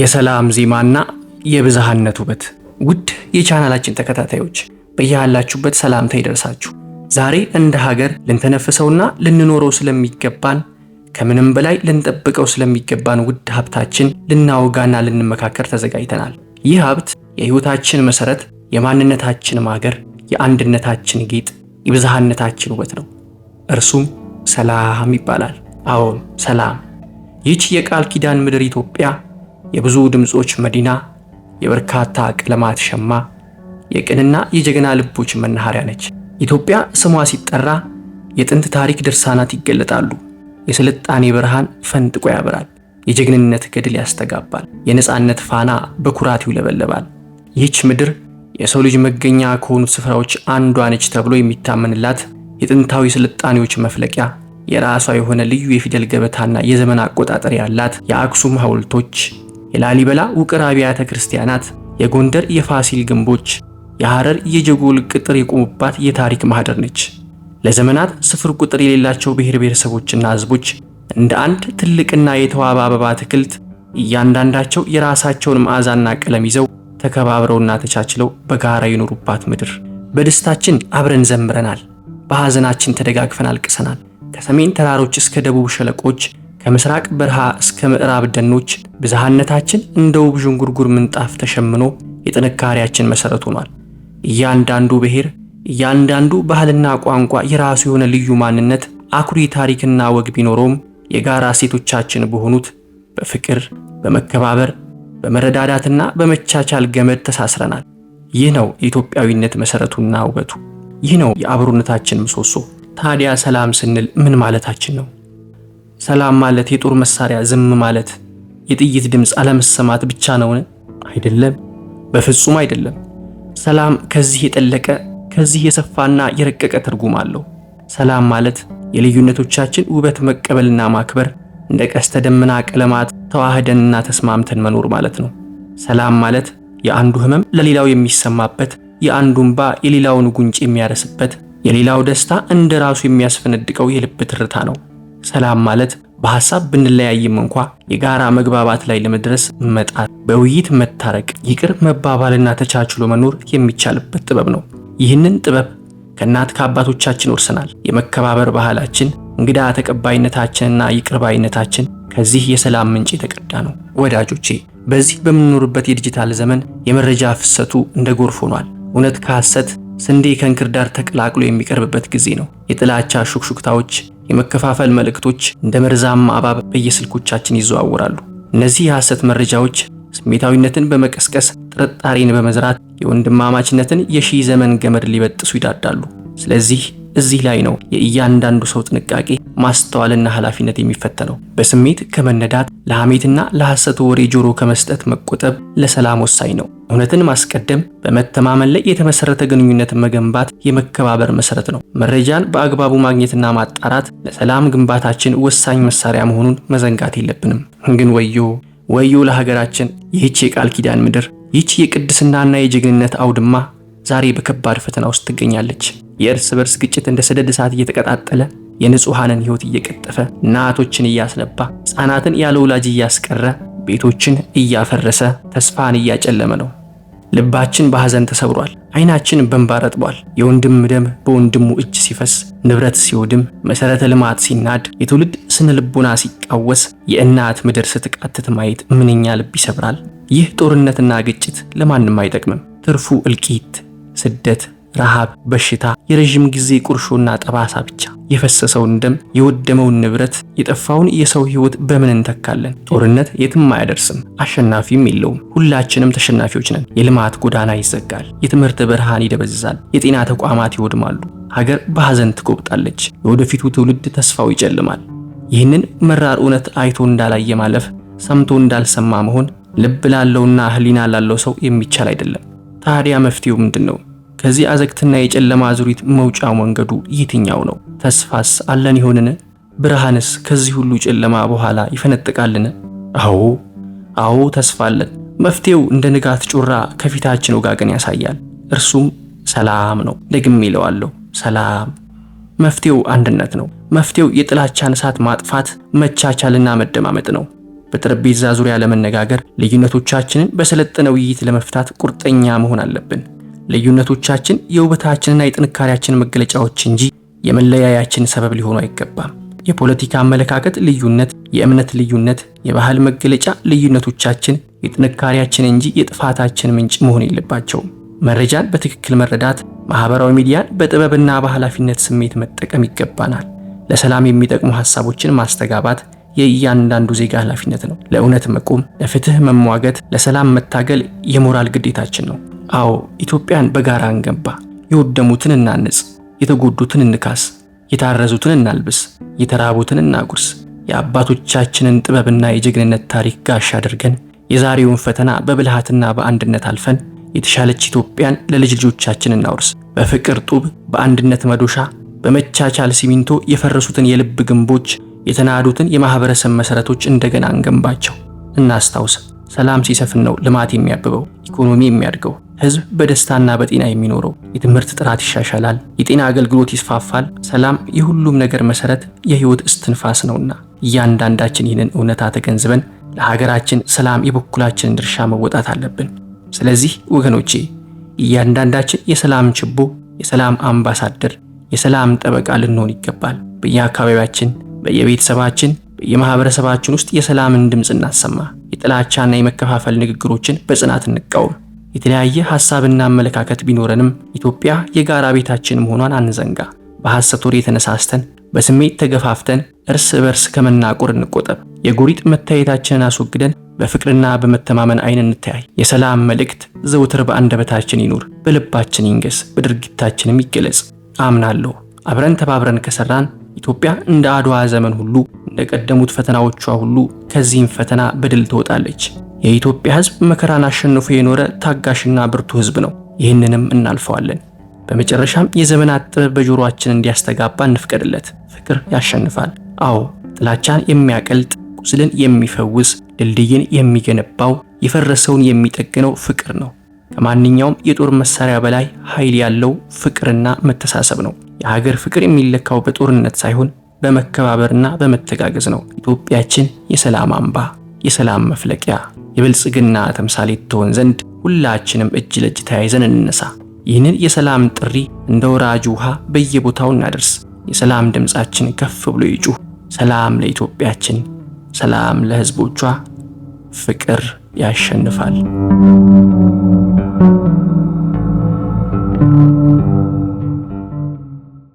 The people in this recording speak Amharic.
የሰላም ዜማና የብዝሃነት ውበት። ውድ የቻናላችን ተከታታዮች በያላችሁበት ሰላምታ ይደርሳችሁ። ዛሬ እንደ ሀገር ልንተነፍሰውና ልንኖረው ስለሚገባን ከምንም በላይ ልንጠብቀው ስለሚገባን ውድ ሀብታችን ልናወጋና ልንመካከር ተዘጋጅተናል። ይህ ሀብት የሕይወታችን መሰረት፣ የማንነታችን ማገር፣ የአንድነታችን ጌጥ፣ የብዝሃነታችን ውበት ነው። እርሱም ሰላም ይባላል። አዎን ሰላም። ይህች የቃል ኪዳን ምድር ኢትዮጵያ የብዙ ድምፆች መዲና፣ የበርካታ ቀለማት ሸማ፣ የቅንና የጀግና ልቦች መናኸሪያ ነች። ኢትዮጵያ ስሟ ሲጠራ የጥንት ታሪክ ድርሳናት ይገለጣሉ። የስልጣኔ ብርሃን ፈንጥቆ ያበራል። የጀግንነት ገድል ያስተጋባል። የነፃነት ፋና በኩራት ይውለበለባል። ይህች ምድር የሰው ልጅ መገኛ ከሆኑት ስፍራዎች አንዷ ነች ተብሎ የሚታመንላት የጥንታዊ ስልጣኔዎች መፍለቂያ፣ የራሷ የሆነ ልዩ የፊደል ገበታና የዘመን አቆጣጠር ያላት የአክሱም ሐውልቶች የላሊበላ ውቅር አብያተ ክርስቲያናት፣ የጎንደር የፋሲል ግንቦች፣ የሐረር የጀጎል ቅጥር የቆሙባት የታሪክ ማህደር ነች። ለዘመናት ስፍር ቁጥር የሌላቸው ብሔር ብሔረሰቦችና ህዝቦች እንደ አንድ ትልቅና የተዋበ አበባ አትክልት እያንዳንዳቸው የራሳቸውን መዓዛና ቀለም ይዘው ተከባብረውና ተቻችለው በጋራ የኖሩባት ምድር። በደስታችን አብረን ዘምረናል፣ በሐዘናችን ተደጋግፈን አልቅሰናል። ከሰሜን ተራሮች እስከ ደቡብ ሸለቆች ከምስራቅ በረሃ እስከ ምዕራብ ደኖች ብዝሃነታችን እንደ ውብ ዥንጉርጉር ምንጣፍ ተሸምኖ የጥንካሬያችን መሠረት ሆኗል። እያንዳንዱ ብሔር፣ እያንዳንዱ ባህልና ቋንቋ የራሱ የሆነ ልዩ ማንነት፣ አኩሪ ታሪክና ወግ ቢኖረውም የጋራ ሴቶቻችን በሆኑት በፍቅር በመከባበር በመረዳዳትና በመቻቻል ገመድ ተሳስረናል። ይህ ነው የኢትዮጵያዊነት መሠረቱና ውበቱ። ይህ ነው የአብሮነታችን ምሰሶ። ታዲያ ሰላም ስንል ምን ማለታችን ነው? ሰላም ማለት የጦር መሳሪያ ዝም ማለት የጥይት ድምፅ አለመሰማት ብቻ ነውን? አይደለም፣ በፍጹም አይደለም። ሰላም ከዚህ የጠለቀ ከዚህ የሰፋና የረቀቀ ትርጉም አለው። ሰላም ማለት የልዩነቶቻችን ውበት መቀበልና ማክበር፣ እንደ ቀስተ ደመና ቀለማት ተዋህደንና ተስማምተን መኖር ማለት ነው። ሰላም ማለት የአንዱ ህመም ለሌላው የሚሰማበት፣ የአንዱ እንባ የሌላውን ጉንጭ የሚያረስበት፣ የሌላው ደስታ እንደ ራሱ የሚያስፈነድቀው የልብ ትርታ ነው። ሰላም ማለት በሀሳብ ብንለያይም እንኳ የጋራ መግባባት ላይ ለመድረስ መጣር፣ በውይይት መታረቅ፣ ይቅር መባባልና ተቻችሎ መኖር የሚቻልበት ጥበብ ነው። ይህንን ጥበብ ከእናት ከአባቶቻችን ወርሰናል። የመከባበር ባህላችን፣ እንግዳ ተቀባይነታችንና ይቅር ባይነታችን ከዚህ የሰላም ምንጭ የተቀዳ ነው። ወዳጆቼ፣ በዚህ በምንኖርበት የዲጂታል ዘመን የመረጃ ፍሰቱ እንደ ጎርፍ ሆኗል። እውነት ከሐሰት፣ ስንዴ ከእንክርዳር ተቀላቅሎ የሚቀርብበት ጊዜ ነው። የጥላቻ ሹክሹክታዎች የመከፋፈል መልእክቶች እንደ መርዛማ እባብ በየስልኮቻችን ይዘዋወራሉ። እነዚህ የሐሰት መረጃዎች ስሜታዊነትን በመቀስቀስ ጥርጣሬን በመዝራት የወንድማማችነትን የሺህ ዘመን ገመድ ሊበጥሱ ይዳዳሉ። ስለዚህ እዚህ ላይ ነው የእያንዳንዱ ሰው ጥንቃቄ፣ ማስተዋልና ኃላፊነት የሚፈተነው። በስሜት ከመነዳት ለሐሜትና ለሐሰት ወሬ ጆሮ ከመስጠት መቆጠብ ለሰላም ወሳኝ ነው። እውነትን ማስቀደም፣ በመተማመን ላይ የተመሰረተ ግንኙነት መገንባት የመከባበር መሰረት ነው። መረጃን በአግባቡ ማግኘትና ማጣራት ለሰላም ግንባታችን ወሳኝ መሳሪያ መሆኑን መዘንጋት የለብንም። ግን ወዮ ወዮ ለሀገራችን! ይህች የቃል ኪዳን ምድር፣ ይህች የቅድስናና የጀግንነት አውድማ ዛሬ በከባድ ፈተና ውስጥ ትገኛለች። የእርስ በርስ ግጭት እንደ ሰደድ እሳት እየተቀጣጠለ የንጹሐንን ሕይወት እየቀጠፈ እናቶችን እያስነባ ሕፃናትን ያለ ወላጅ እያስቀረ ቤቶችን እያፈረሰ ተስፋን እያጨለመ ነው። ልባችን በሐዘን ተሰብሯል። ዓይናችን በእንባ ረጥቧል። የወንድም ደም በወንድሙ እጅ ሲፈስ፣ ንብረት ሲወድም፣ መሠረተ ልማት ሲናድ፣ የትውልድ ስነ ልቦና ሲቃወስ፣ የእናት ምድር ስትቃትት ማየት ምንኛ ልብ ይሰብራል። ይህ ጦርነትና ግጭት ለማንም አይጠቅምም። ትርፉ እልቂት፣ ስደት ረሃብ፣ በሽታ፣ የረዥም ጊዜ ቁርሾና ጠባሳ ብቻ። የፈሰሰውን ደም፣ የወደመውን ንብረት፣ የጠፋውን የሰው ህይወት በምን እንተካለን? ጦርነት የትም አያደርስም፣ አሸናፊም የለውም። ሁላችንም ተሸናፊዎች ነን። የልማት ጎዳና ይዘጋል፣ የትምህርት ብርሃን ይደበዝዛል፣ የጤና ተቋማት ይወድማሉ፣ ሀገር በሐዘን ትጎብጣለች፣ የወደፊቱ ትውልድ ተስፋው ይጨልማል። ይህንን መራር እውነት አይቶ እንዳላየ ማለፍ፣ ሰምቶ እንዳልሰማ መሆን ልብ ላለውና ህሊና ላለው ሰው የሚቻል አይደለም። ታዲያ መፍትሄው ምንድን ነው? ከዚህ አዘግትና የጨለማ አዙሪት መውጫ መንገዱ የትኛው ነው? ተስፋስ አለን ይሆንን? ብርሃንስ ከዚህ ሁሉ ጨለማ በኋላ ይፈነጥቃልን? አዎ አዎ፣ ተስፋ አለን። መፍትሄው እንደ ንጋት ጮራ ከፊታችን ወጋገን ያሳያል። እርሱም ሰላም ነው። ደግም እለዋለሁ፣ ሰላም። መፍትሄው አንድነት ነው። መፍትሄው የጥላቻን እሳት ማጥፋት፣ መቻቻልና መደማመጥ ነው። በጠረጴዛ ዙሪያ ለመነጋገር ልዩነቶቻችንን በሰለጠነ ውይይት ለመፍታት ቁርጠኛ መሆን አለብን። ልዩነቶቻችን የውበታችንና የጥንካሬያችን መገለጫዎች እንጂ የመለያያችን ሰበብ ሊሆኑ አይገባም። የፖለቲካ አመለካከት ልዩነት፣ የእምነት ልዩነት፣ የባህል መገለጫ ልዩነቶቻችን የጥንካሬያችን እንጂ የጥፋታችን ምንጭ መሆን የለባቸውም። መረጃን በትክክል መረዳት፣ ማህበራዊ ሚዲያን በጥበብና በኃላፊነት ስሜት መጠቀም ይገባናል። ለሰላም የሚጠቅሙ ሀሳቦችን ማስተጋባት የእያንዳንዱ ዜጋ ኃላፊነት ነው። ለእውነት መቆም፣ ለፍትህ መሟገት፣ ለሰላም መታገል የሞራል ግዴታችን ነው። አዎ ኢትዮጵያን በጋራ እንገንባ፣ የወደሙትን እናንጽ፣ የተጎዱትን እንካስ፣ የታረዙትን እናልብስ፣ የተራቡትን እናጉርስ፣ የአባቶቻችንን ጥበብና የጀግንነት ታሪክ ጋሻ አድርገን የዛሬውን ፈተና በብልሃትና በአንድነት አልፈን የተሻለች ኢትዮጵያን ለልጅ ልጆቻችን እናውርስ። በፍቅር ጡብ፣ በአንድነት መዶሻ፣ በመቻቻል ሲሚንቶ የፈረሱትን የልብ ግንቦች፣ የተናዱትን የማህበረሰብ መሰረቶች እንደገና እንገንባቸው። እናስታውስ፣ ሰላም ሲሰፍን ነው ልማት የሚያብበው፣ ኢኮኖሚ የሚያድገው። ህዝብ በደስታና በጤና የሚኖረው፣ የትምህርት ጥራት ይሻሻላል፣ የጤና አገልግሎት ይስፋፋል። ሰላም የሁሉም ነገር መሰረት፣ የህይወት እስትንፋስ ነውና እያንዳንዳችን ይህንን እውነታ ተገንዝበን ለሀገራችን ሰላም የበኩላችንን ድርሻ መወጣት አለብን። ስለዚህ ወገኖቼ እያንዳንዳችን የሰላም ችቦ፣ የሰላም አምባሳደር፣ የሰላም ጠበቃ ልንሆን ይገባል። በየአካባቢያችን፣ በየቤተሰባችን፣ በየማህበረሰባችን ውስጥ የሰላምን ድምፅ እናሰማ። የጥላቻና የመከፋፈል ንግግሮችን በጽናት እንቃወም። የተለያየ ሐሳብና አመለካከት ቢኖረንም ኢትዮጵያ የጋራ ቤታችን መሆኗን አንዘንጋ። በሐሰት ወሬ የተነሳስተን በስሜት ተገፋፍተን እርስ በርስ ከመናቆር እንቆጠብ። የጎሪጥ መታየታችንን አስወግደን በፍቅርና በመተማመን አይን እንተያይ። የሰላም መልእክት ዘውትር በአንደበታችን ይኑር፣ በልባችን ይንገስ፣ በድርጊታችንም ይገለጽ። አምናለሁ አብረን ተባብረን ከሰራን ኢትዮጵያ እንደ አድዋ ዘመን ሁሉ እንደ ቀደሙት ፈተናዎቿ ሁሉ ከዚህም ፈተና በድል ትወጣለች። የኢትዮጵያ ህዝብ መከራን አሸንፎ የኖረ ታጋሽና ብርቱ ህዝብ ነው። ይህንንም እናልፈዋለን። በመጨረሻም የዘመናት ጥበብ በጆሮአችን እንዲያስተጋባ እንፍቀድለት። ፍቅር ያሸንፋል። አዎ ጥላቻን የሚያቀልጥ ቁስልን የሚፈውስ ድልድይን የሚገነባው የፈረሰውን የሚጠግነው ፍቅር ነው። ከማንኛውም የጦር መሳሪያ በላይ ኃይል ያለው ፍቅርና መተሳሰብ ነው። የሀገር ፍቅር የሚለካው በጦርነት ሳይሆን በመከባበርና በመተጋገዝ ነው። ኢትዮጵያችን የሰላም አምባ፣ የሰላም መፍለቂያ የብልጽግና ተምሳሌት ትሆን ዘንድ ሁላችንም እጅ ለእጅ ተያይዘን እንነሳ። ይህንን የሰላም ጥሪ እንደ ወራጅ ውሃ በየቦታው እናደርስ። የሰላም ድምፃችን ከፍ ብሎ ይጩህ። ሰላም ለኢትዮጵያችን፣ ሰላም ለሕዝቦቿ። ፍቅር ያሸንፋል።